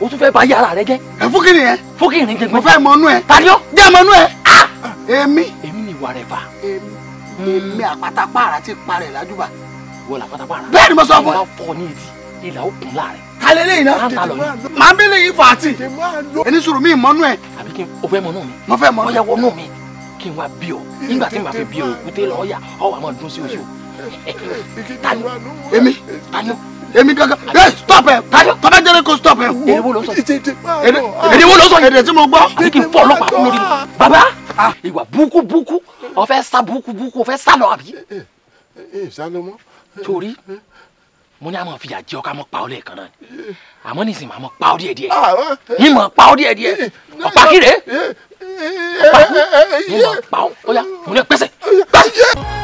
o tún fẹ́ bà yàrá rẹ jẹ́. ẹ fún kìnìún yẹn. fún kìnìún gbẹgbẹ. mo fẹ́ mọ inú ẹ. tani ó. jẹ́ mọ inú ẹ. Ah! èmi. èmi ni ìwà rẹ fà. èmi àpátápàrà ti parẹ̀ lájúbà. wọ́n la pátápàrà. bẹ́ẹ̀ ni mo sọ fún ẹ. wọ́n fọ ní etí ilà ó kún láàrẹ̀. kálẹ̀ lẹ́yìn náà. màá bí lè yí fàtì. ẹni sùrù mi mọ́nú ẹ. àbí kí n o fẹ́ mọ́nú mi. mo fẹ́ mọ́nú. ó yẹ mi kí n wá bí ọ nígbà tí n bá fi bí ọ òkúté lọ ọyà ọ wà máa dún sí oṣù. tani èmi tani èmi gangan. ẹ stop ẹ tani kó stop ẹ. èdè wo ló sọ èdè wo ló sọ èdè tí mo gbọ́. àti kí n fọ ọlọ́pàá kú lórí baba ah. ah, ìwà búkú búkú ọ̀fẹ́ sá búkú búkú ọ̀fẹ́ sá lọ àbí. Eh, eh, eh, torí mo ní àmọ́ fìyà jẹ ọ ká mọ pa ọ lẹ́ẹ̀kan náà nísìnyí màá mọ pa ọ ah, yín mọ pa ọ díẹ̀ díẹ̀ ọ̀pá kí rèé ọ̀pá kú yín mọ pa ó yá mo ní pẹ́sẹ̀ pẹ́sẹ̀.